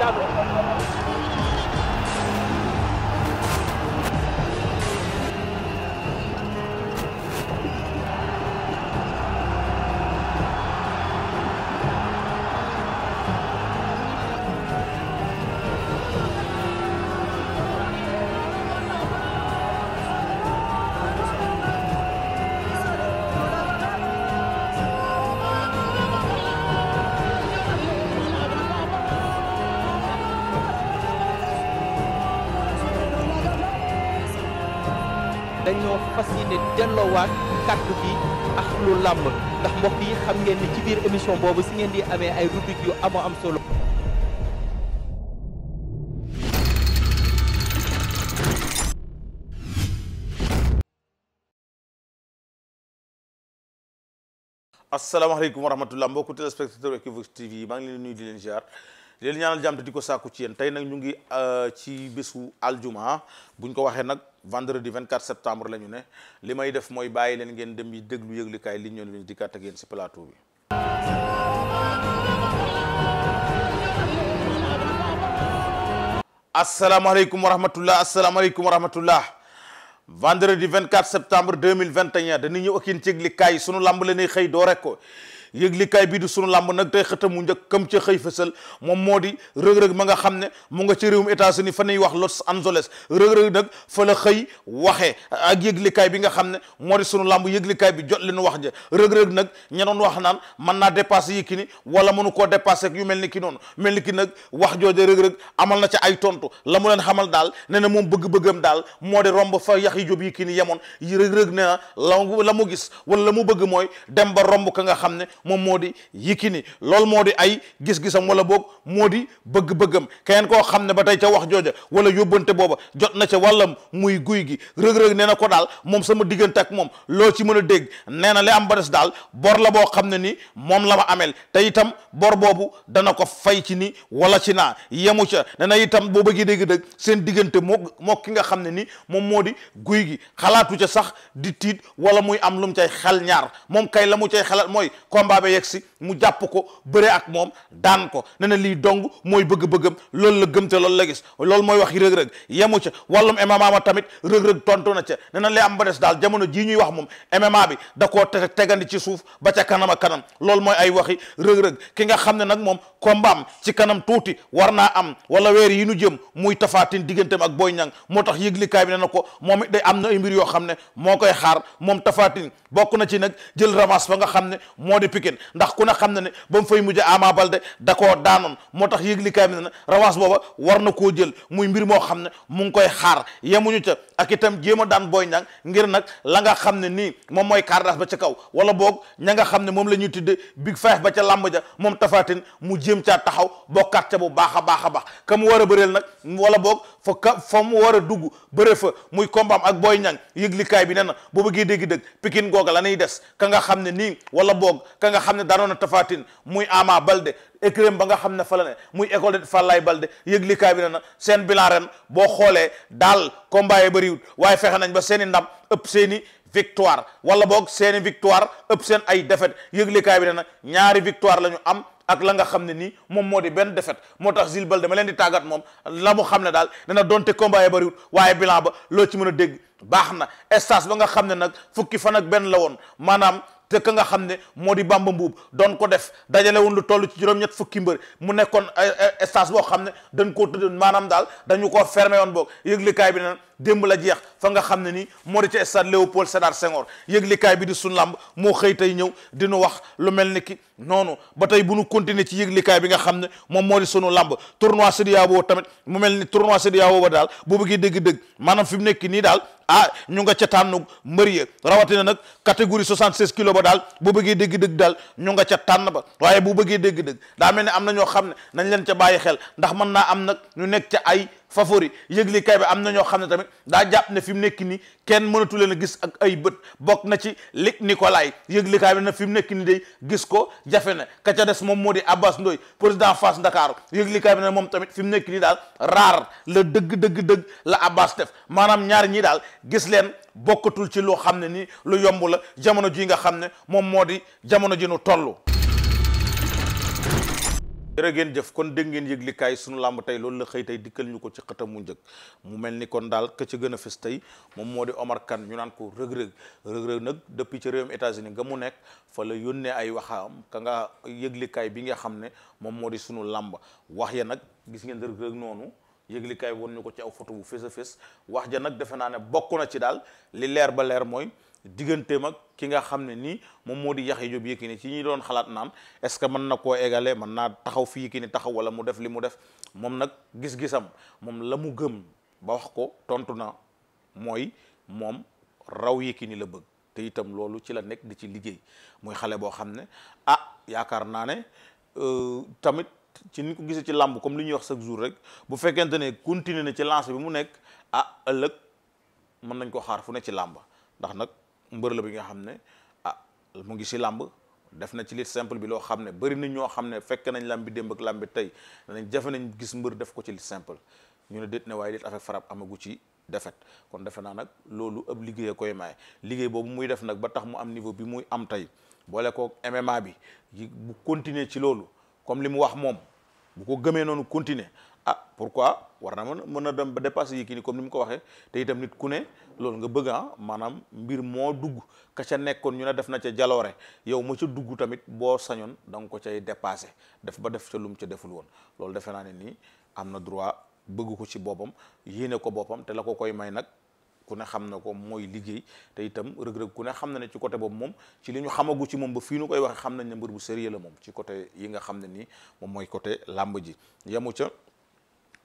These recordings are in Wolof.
daanu dañoo fas yéene delloowaat kàddu bi ak làmb ndax mbokk yi xam ngeen ci biir émission boobu si ngeen di amee ay rubrique yu amoo am solo. maa ngi leen nuyu di leen ñaanal jàmm di ko sàkku ci yéen tey nag ñu ngi euh, ci bésu aljuma buñ ko waxee nag vendredi 24 septembre la ñu ne li may def mooy bàyyi leen ngeen dem yi déglu yëglikaay li ñu leen di dikkaat ak yéen si plateau bi. asalaamaaleykum wa rahmatullah asalaamaaleykum wa rahmatullah vendredi 24 septembre 2021 dañuy ñëw ak yéen ci yëglikaay su lamb la ñuy xëy doo rek ko. yëglikaay bii di sunu làmb nag tey xëtam mu njëkk kam ca xëy fësal moom moo di rëg-rëg ma nga xam ne mu nga ci réewum États-Unis fa ñuy wax Los Angeles rëg-rëg nag fa la xëy waxee ak bi nga xam ne moo di sunu làmb yëglikaay bi jot leen wax ja rëg-rëg nag ña wax naan mën naa dépassé Yékini wala mënu koo dépassé ak yu mel ni ki noonu mel ni ki nag wax jooja rëg-rëg amal na ca ay tontu la mu leen amal daal ne na moom bëgg-bëggam daal moo di romb fa yax yi jóob Yékini yemoon rëg-rëg ne la la mu gis wala la mu bëgg mooy dem ba romb ka nga xam ne moom moo di Yékini loolu moo di ay gis-gisam wala boog moo di bëgg-bëggam keneen koo xam ne ba tey ca wax jooja wala yóbbante booba jot na ca wàllam muy guy gi rëg-rëg nee na ko daal moom sama diggante ak moom loo ci mën a dégg nee na li am ba des daal bor la boo xam ne nii moom la ma ameel tey itam bor boobu dana ko fay ci ni wala ci naa yemu ca nee itam boo bëggee dégg dëgg seen diggante moo moo ki nga xam ne ni moom moo di guy gi xalaatu ca sax di tiit wala muy am lu mu cay xel ñaar moom kay la mu cay xalaat mooy combat ba yegg si mu jàpp ko bëre ak moom daan ko ne lii dong mooy bëgg-bëggam loolu la gëm te loolu la gis loolu mooy wax yi rëg yemu ca wàllum MMA ma tamit rëg-rëg tontu na ca ne na lay am ba des daal jamono jii ñuy wax moom MMA bi da koo te tegandi ci suuf ba ca kanam a kanam loolu mooy ay waxi rëg-rëg ki nga xam ne nag moom combat am ci kanam tuuti war naa am wala weer yi nu jëm muy tafaatin digganteem ak Boy Niang moo tax yëglikaay bi ne na ko moom it day am na ay mbir yoo xam ne moo Pikine ndax ku ne xam na ne ba mu fay mujj Ama Baldé da koo daanoon moo tax yëglikaay bi ne na revanche booba war na koo jël muy mbir moo xam ne mu ngi koy xaar yemuñu ca ak itam jéem a daan booy Niang ngir nag la nga xam ne nii moom mooy cardas ba ca kaw wala boog ña nga xam ne moom la ñuy tudde big five ba ca làmb ja moom tafaatin mu jéem caa taxaw bokkaat ca bu baax a baax a baax ka mu war a bëreel nag wala boog fa ka mu war a dugg bëre fa muy kombaam ak Boy Niang yëglikaay bi ne na boo bëggee dégg dëgg Pikine googa la nay des ka nga xam ne nii wala boog ka nga ne daanoon na tafaatin muy Ama Balde écrém ba nga xam ne fa la ne muy école de Fallaye Balde yëglikaay bi ne na seen bilan ren boo xoolee daal combat yi waaye fexe nañ ba seen i ndam ëpp seen i victoire wala boog seen i ëpp seen ay défaite yëglikaay bi ne na ñaari victoire la ñu am ak la nga xam ne nii moom moo di benn défaite moo tax Zil Balde ma leen di tàggat moom la mu xam ne daal dana donte combat yi bëriwul waaye bilan ba loo ci mën a dégg baax na stage ba nga xam ne nag fukki fan ak benn la woon maanaam te nga xam ne moo di Bamba Mbuub doon ko def dajale woon lu toll ci juróom-ñett fukki mbër mu nekkoon eh, eh, stage boo xam ne dañ koo tëdd maanaam daal dañu ko fermé woon boog yëglikaay bi nag démb la jeex fa nga xam ne ni moo di ca stade Léopold Sédar Senghor yëglikaay bi di sunu làmb moo xëy tey ñëw dinu wax lu mel ni ki noonu ba tey bu nu continuer ci yëglikaay bi nga xam ne moom moo di sunu làmb tournoi CEDEAO boobu tamit mu mel ni tournoi CEDEAO ba daal boo bëggee dëgg-dëgg maanaam fi mu nekki nii daal ah ñu nga ca tànn mbër ya rawatina nag catégorie 76 kilo ba daal bu bëggee dëgg-dëgg daal ñu nga ca tànn ba waaye bu bëggee dëgg daa mel ne am na ñoo xam ne nañ leen ca bàyyi xel ndax mën naa am nag ñu nekk ca ay favori yëgli bi am na ñoo xam ne tamit daa jàpp ne fi mu nekk nii kenn mënatu leen a gis ak ay bët bokk na ci lig Nicolay yëgli kay bi na fi mu nekk nii day gis ko jafe na ka ca des moom moo di Abbas Ndoy président Fass Ndakaaru yëgli kay bi ne moom tamit fi mu nekk nii daal raar la dëgg dëgg dëgg la Abbas def maanaam ñaar ñii daal gis leen bokkatul ci loo xam ne nii lu yomb la jamono ji nga xam ne moom moo di jamono ji nu toll jërë ngeen jëf kon dégg ngeen yëglikaay sunu làmb tey loolu la xëy tey dikkal ñu ko ci xëtam mu njëkk mu mel ni kon daal ka ci gën a fës tey moom moo di Omar Kane ñu naan ko rëg-rëg nag depuis ci réewum États-Unis nga mu nekk fa la yónnee ay waxaam ka nga yëglikaay bi nga xam ne moom moo di sunu làmb wax ya nag gis ngeen rëg-rëg noonu yëglikaay woon ñu ko ci aw photo bu fës a fës wax ja nag defe naa ne bokk na ci daal li leer ba leer mooy diggante ak ki nga xam ne nii moom moo di Yaxya Jóob Yékini ci ñi doon xalaat naan est-ce que mën na koo égaler mën naa taxaw fi Yékini taxaw wala mu def li mu def moom nag gis-gisam moom la mu gëm ba ko tontu na mooy moom raw Yékini la bëgg te itam loolu ci la nekk ci liggéey muy xale boo xam ne ah yaakaar naa ne euh, tamit ci ni ci làmb comme li ñuy wax chaque jour rek bu fekkente ne continuer na ci lancé bi mu nekk ah ëllëg mën nañ ko xaar fu ne ci làmb ndax nag mbër la bi nga xam ne ah mu ngi si làmb def na ci lit simple bi loo xam ne bëri na ñoo xam ne fekk nañ làmbi démb ak làmbi tey nañ jafe nañ gis mbër def ko ci lit simple ñu ne déet ne waaye lit avec frappe amagu ci defet kon defe naa nag loolu ab liggéey koy maye liggéey boobu muy def nag ba tax mu am niveau bi muy am tey boole ko MMA bi bu continuer ci loolu comme li mu wax moom bu ko gëmee noonu continuer ah pourquoi war na ma mën a dem ba dépassé Yékini comme ni mu ko waxee te itam nit ku ne loolu nga bëgg ah maanaam mbir moo dugg ka ca nekkoon ñu ne def na ca jaloore yow ma ca dugg tamit boo sañoon da ko cay dépassé def ba def ca lum ca deful woon loolu defe naa ne nii am na droit bëgg ko ci boppam yéene ko boppam te la ko koy may nag ku ne xam na ko mooy liggéey te itam rëg-rëg ku ne xam na ne ci côté boobu moom ci li ñu xamagu ci moom ba fii nu koy waxe xam nañ ne mbër bu sérieux la moom ci côté yi nga xam ne nii moom mooy côté làmb ji yamu ca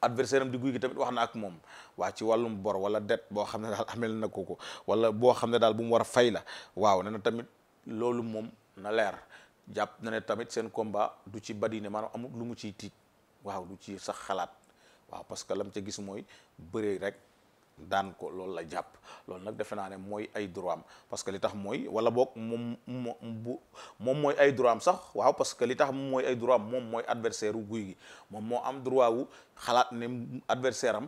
adversaire am di guy gi tamit wax na ak moom waa ci wàllum bor wala det boo xam ne daal amel na ko ko wala boo xam ne daal bu mu war a fay la waaw ne na tamit loolu moom na leer jàpp na ne tamit seen combat du ci badine maanaam amul lu mu ciy tiit waaw du ci sax xalaat waaw parce que lam ca gis mooy bëree rek daan ko loolu la jàpp loolu nag defe naa ne mooy ay droit am parce que li tax mooy wala boog moom bu moom mooy ay droit am sax waaw parce que li tax mooy ay droit moom mooy adversaire wu guy gi moom moo am droit wu xalaat ne adversaire am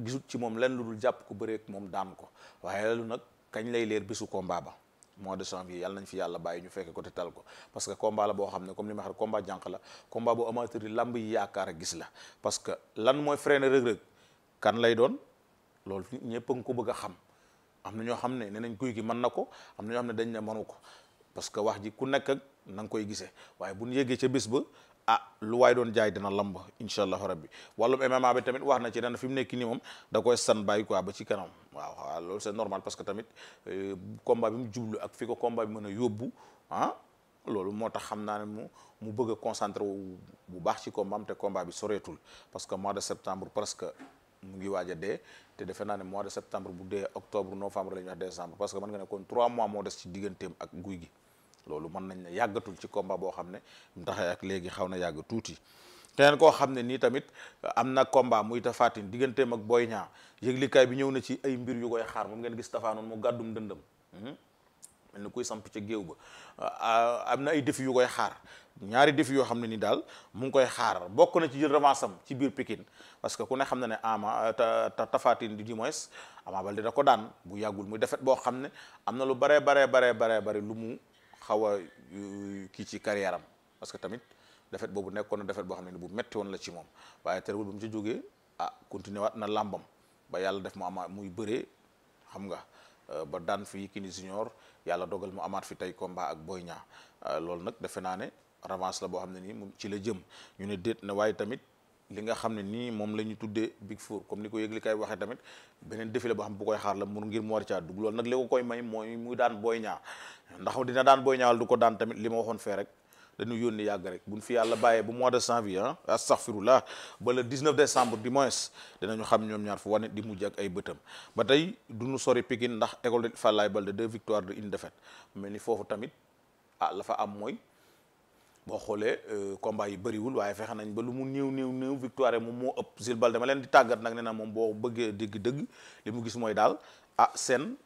gisut ci moom lenn lu dul jàpp ko bëreek moom daan ko waaye loolu nag kañ lay leer bisu combat ba mois de janvier yàlla nañ fi yàlla bàyyi ñu fekke ko te tal ko parce que combat la boo xam ne comme li ma wax combat jànq la combat bu amateur yi lamb yi yaakaar a gis la parce que lan mooy freiné rëg-rëg kan lay doon loolu fi ñëpp nga ko bëgg a xam am na ñoo xam ne nee nañ guy gi mën na ko am na ñoo xam ne dañ ne mënu ko parce que wax ji ku nekk ak na nga koy gisee waaye bu ñu yéegee ca bés ba ah lu waay doon jaay dina lamb incha allahu rabbi wàllum MMA bi tamit wax na ci fi mu nekk nii moom da san bàyyi quoi ba ci kanam waaw waaw loolu c'est normal que tamit euh, combat bi mu jublu ak fi ko combat bi mën a yóbbu ah loolu moo tax xam naa ne mu mu bëgg concentre wu bu baax ci combat am te combat bi soreetul parce que mois de septembre presque. mu ngi waaja a dee te defe naa ne mois de septembre bu dee octobre novembre la ñuy décembre parce que mën nga ne kon trois mois moo des ci digganteem ak guy gi loolu mën nañ ne yàggatul ci komba boo xam ne mu taxee ak léegi xaw na yàgg tuuti keneen koo xam ne nii tamit am na combat muy tafaatin digganteem ak Boy Niang yëglikaay bi ñëw na ci ay mbir yu koy xaar moom ngeen gis tafaanoon mu gàddum dëndëm hmm? mel ni kuy samp ca géew ba ah, am na ay défi yu koy xaar ñaari défi yoo xam ne ni daal mu ngi koy xaar bokk na ci jël revanche am ci biir pikin parce que ku ne xam na ne Ama tafaatin di du moins Ama Baldé da ko daan bu yàggul muy defet boo xam ne am na lu baree baree baree bari lu mu xaw a euh, kii ci carrière am parce que tamit defet boobu nekkoon na defet boo xam ne ni bu metti woon la ci moom waaye terewul ba mu ca jógee ah continué waat na làmbam ba yàlla def mu ama muy bëree xam nga Euh, ba daan fi Yékini Junior yàlla dogal mu amaat fi tey combat ak Boy Niang euh, loolu nag defe naa ne revanche la boo xam ne nii moom ci la jëm ñu ne déet na waaye li nga xam ne nii moom la ñu tuddee Big Four comme ni ko yëgli kay waxee tamit beneen défilé boo xam bu koy xaar la mu ngir mu war caa dugg loolu nag li ko koy may mooy muy daan Boy Niang ndax dina daan Boy Niang wala du ko daan tamit li ma waxoon fee rek dañu yónni yàgg rek buñ fi yàlla bàyyee bu mois de janvier ah astaghfirullah ba le 19 décembre du moins ñu xam ñoom ñaar fu wane di mujj ak ay bëtam ba tey duñu sori Pikine ndax école de Falaye Baldé deux victoires de une mel ni foofu tamit ah lafa am mooy boo xoolee euh, combat yi bariwul waaye fexe nañ ba lu mu néew néew néew victoire moom moo ëpp Jules Baldé dama leen di tàggat nag nee na moom boo bëggee dégg-dëgg li mu gis mooy daal ah seen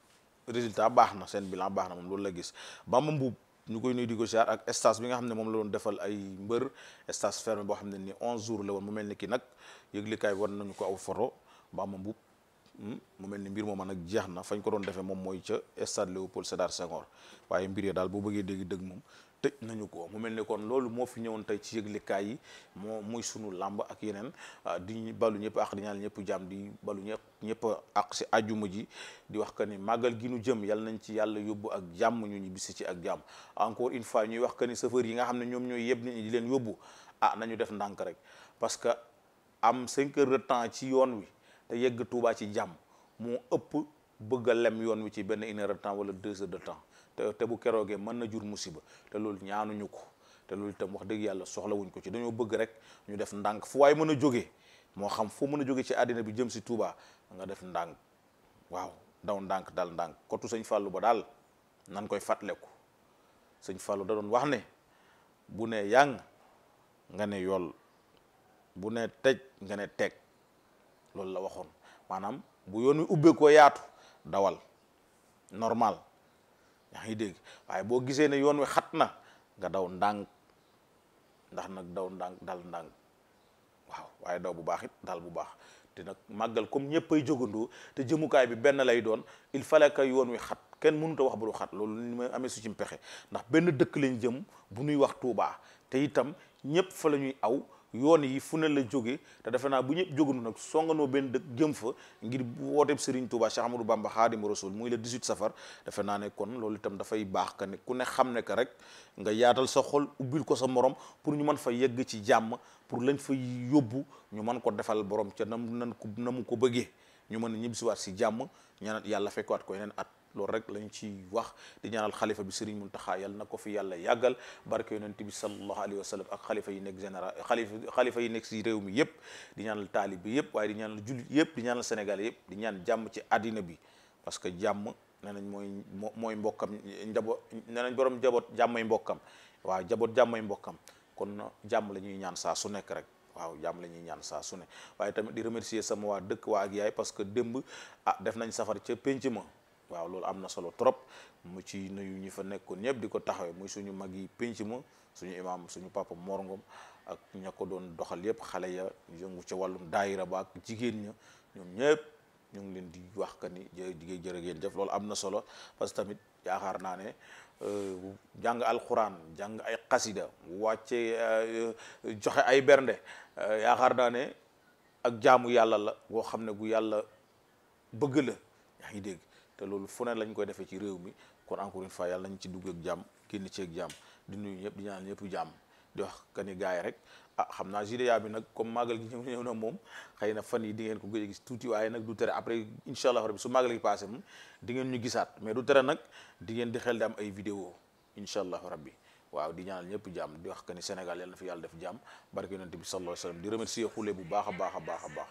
résultat baax na seen bilan baax na moom loolu la gis ñu koy nuyu di ko ak stage bi nga xam ne moom la doon defal ay mbër stage fermé boo xam ne ni 11 jours la woon mu mel ni ki nag yëglikaay war nañu ko aw foro ba ma mbub Hmm? mu mel ni mbir mooma nag jeex na fañ ko doon defee moom mooy ca stade Léopold Sédar Senghor waaye mbir daal boo bëggee dégg dëgg moom tëj nañu ko mu mel ni kon loolu moo fi ñëwoon tey ci yëglekaay yi moo muy sunu làmb ak yeneen ah, di balu ñëpp ak di ñëpp jàmm di balu ñëpp ñëpp ak si àjjuma ji di wax que ni màggal gi nu jëm yàlla nañ ci yàlla yóbbu ak jàmm ñu ñibbisi ci ak jàmm encore une fois ñuy wax que ni chauffeur yi nga xam ne ñoom ñooy yeb nit ñi di leen yóbbu ah nañu def ndànk rek parce que am 5 heures temps ci yoon wi. te yegg Touba ci jàmm moo ëpp bëgg a lem yoon wi ci benn une heure de temps wala deux heures de temps te bu keroogee mën na jur musiba te loolu ñaanuñu ko te loolu tam wax dëgg yàlla soxlawuñ ko ci dañoo bëgg rek ñu def ndànk fu waaye mën a jóge moo xam foo mën a jóge ci àddina bi jëm si Touba nga def ndànk waaw daw ndànk dal ndànk kotu sëñ fàllu ba daal nan koy fàttaleku sëñ Fallou da doon wax ne bu ne yàng nga ne yool bu ne tej nga ne teg loolu la waxoon maanaam bu yoon wi ubbee yaatu dawal normal yaa ngi dégg waaye boo gisee ne yoon wi xat na nga daw ndànk ndax nag daw ndànk dal ndànk waaw waaye daw bu baax it dal bu baax te nag màggal comme ñëpp ay jógandoo te jëmukaay bi benn lay doon il fallait que yoon wi xat kenn mënut wax bu du xat loolu ni may amee su ci pexe ndax benn dëkk lañ jëm bu ñuy wax Tuubaa te itam ñépp fa la ñuy aw yoon yi fu ne la jóge te defe naa bu ñëpp jóganu nag noo benn dëkk jëm fa ngir wooteb Serigne Touba Cheikh Amadou Bamba Xaadimu Rasul muy le 18 safar defe naa ne kon loolu itam dafay baax ka ne ku ne xam ne que rek nga yaatal sa xol ubbil ko sa morom pour ñu mën fa yegg ci jàmm pour lañ fa yóbbu ñu mën ko defal borom ca na nan ko na mu ko bëggee ñu mën a ñibbisiwaat si jàmm ñaanat yàlla fekkaat ko yeneen at loolu rek lañu ci wax di ñaanal xalifa bi Serigne Mountakha yal na ko fi yàlla yàggal barke yonent bi sallallahu alayhi wa ak xalifa yi nekk général xalifa xalifa yi nekk si réew mi yëpp di ñaanal taalib bi yëpp waaye di ñaanal jullit yëpp di ñaanal Sénégal yëpp di ñaan jàmm ci àddina bi parce que jàmm nee nañ mooy mooy mbokkam njaboot nee borom njaboot jàmmay mbokkam waaw njaboot jàmmay mbokkam kon jàmm la ñuy ñaan saa su nekk rek waaw jàmm la ñuy ñaan saa su ne waaye tamit di remercier sama waa dëkk waa ak yaay parce que démb ah def nañ safar ci pénc ma waaw loolu am na solo trop mu ci nuyu ñu fa nekkoon ñëpp di ko taxawee muy suñu mag yi pénc ma suñu imaam suñu papa Mor Ngom ak ña ko doon doxal yëpp xale ya yëngu ca wàllum daayira ba ak jigéen ña ñoom ñëpp ñu ngi leen di wax que ni jërëjëf jërë ngeen jëf loolu am na solo parce que tamit yaakaar naa ne euh, jàng alxuraan jàng ay xasida wàcce euh, joxe ay bernde euh, yaakaar naa ne ak jaamu yàlla la boo xam ne gu yàlla bëgg la yaa ngi dégg. te loolu fu ne lañ koy defee ci réew mi kon encore une fois yàlla nañ ci dugg ak jàmm génn ci ak jàmm di nuyu ñëpp di ñaan ñëpp jàmm di wax que ni yi rek ah xam naa judéa bi nag comme màggal gi ñëw ñëw na moom xëy na fan yi di ngeen ko gëj gis tuuti waaye nag du tere après incha allah su màggal gi passé moom di ngeen ñu gisaat mais du tere nag di ngeen di xel di am ay vidéo incha allah rabbi waaw di ñaanal ñëpp jàmm di wax que ni Sénégal yàlla na fi yàlla def jàmm barke yonent bi sallallahu alayhi wasallam di remercier xule bu baax a baax a baax a baax